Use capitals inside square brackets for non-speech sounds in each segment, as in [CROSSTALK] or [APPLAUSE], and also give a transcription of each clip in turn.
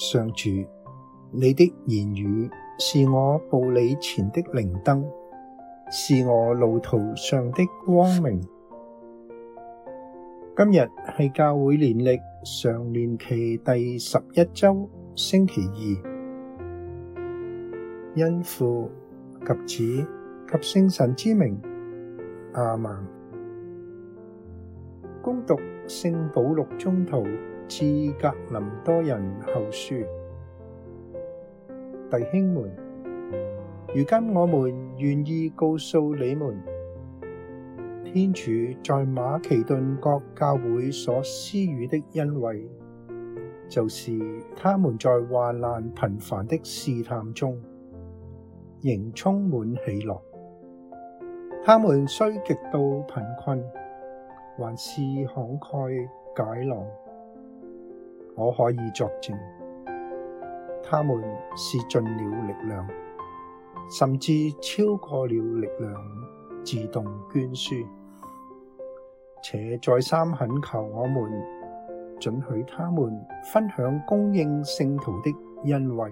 上主，你的言語是我步履前的靈燈，是我路途上的光明。今日係教會年曆常年期第十一周星期二，因父及子及聖神之名，阿門。恭讀聖保祿宗徒。致格林多人後書。弟兄們，如今我們願意告訴你們，天主在馬其頓各教會所施與的恩惠，就是他們在患難頻繁的試探中，仍充滿喜樂。他們雖極度貧困，還是慷慨解囊。我可以作證，他們是盡了力量，甚至超過了力量，自動捐輸，且再三懇求我們准許他們分享供應聖徒的恩惠。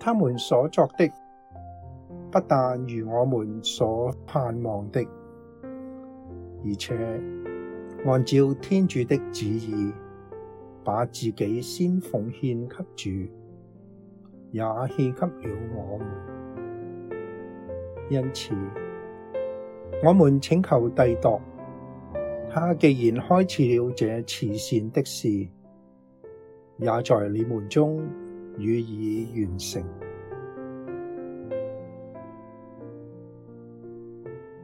他們所作的，不但如我們所盼望的，而且按照天主的旨意。把自己先奉獻給主，也獻給了我們。因此，我們請求弟鐸，他既然開始了這慈善的事，也在你們中予以完成，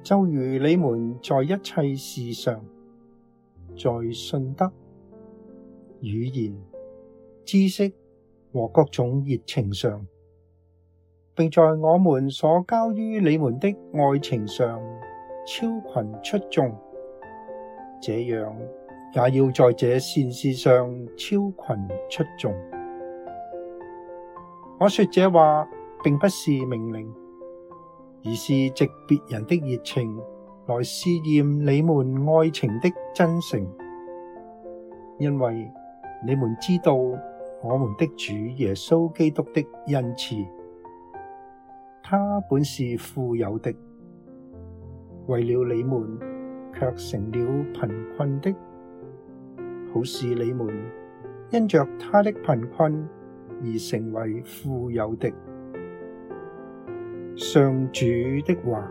就如你們在一切事上，在信德。語言、知識和各種熱情上，並在我們所交於你們的愛情上超群出眾。這樣也要在這善事上超群出眾。我說這話並不是命令，而是藉別人的熱情來試驗你們愛情的真誠，因為。你們知道我們的主耶穌基督的恩賜，他本是富有的，為了你們卻成了貧困的。好使你們因着他的貧困而成為富有的。上主的話。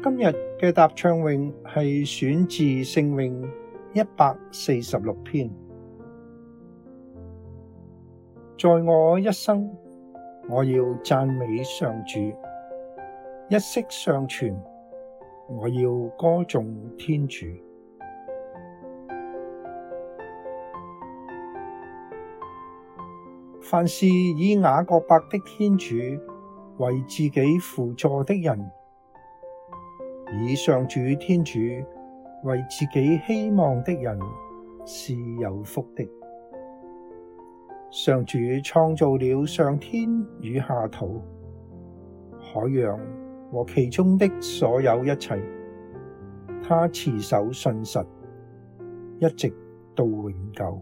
今日嘅答唱詠係選自聖詠一百四十六篇。在我一生，我要讚美上主，一息尚存，我要歌頌天主。凡是以雅各伯的天主為自己扶助的人。以上主天主為自己希望的人，是有福的。上主創造了上天與下土、海洋和其中的所有一切，他持守信實，一直到永久。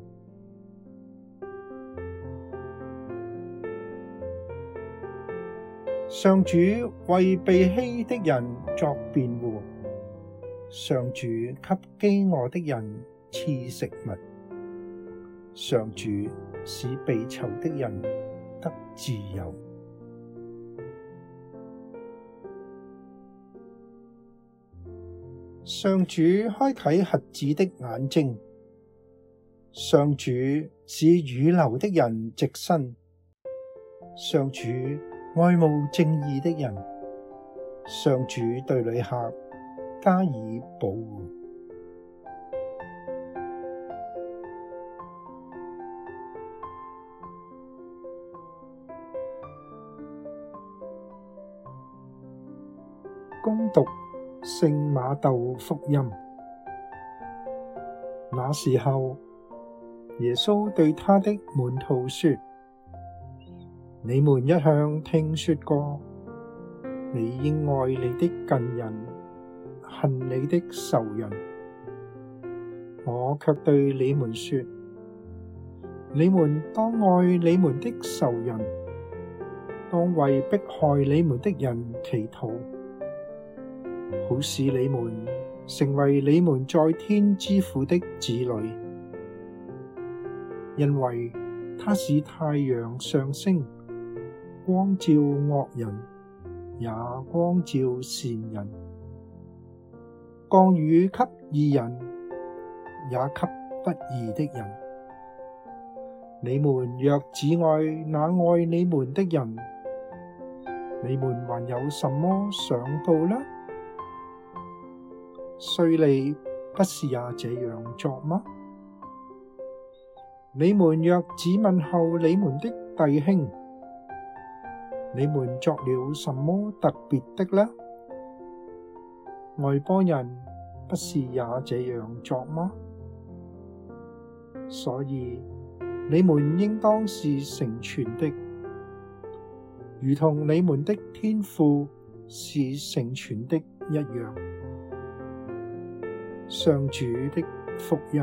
上主為被欺的人作辯護。上主給飢餓的人賜食物，上主使被囚的人得自由，上主開啟瞎子的眼睛，上主使傴僂的人直身，上主愛慕正義的人，上主對旅客加以保護。恭讀聖馬竇福音，那時候，耶穌對他的門徒說： [NOISE] 你們一向聽說過，你應愛你的近人。恨你的仇人！我卻對你們說：你們當愛你們的仇人，當為迫害你們的人祈禱，好使你們成為你們在天之父的子女。因為他使太陽上升，光照惡人，也光照善人。降雨給義人，也給不義的人。你們若只愛那愛你們的人，你們還有什麼賞報呢？稅吏不是也這樣作嗎？你們若只問候你們的弟兄，你們作了什麼特別的呢？外邦人不是也這樣作嗎？所以你們應當是成全的，如同你們的天父是成全的一樣。上主的福音。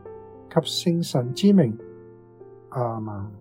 及聖神之名，阿們。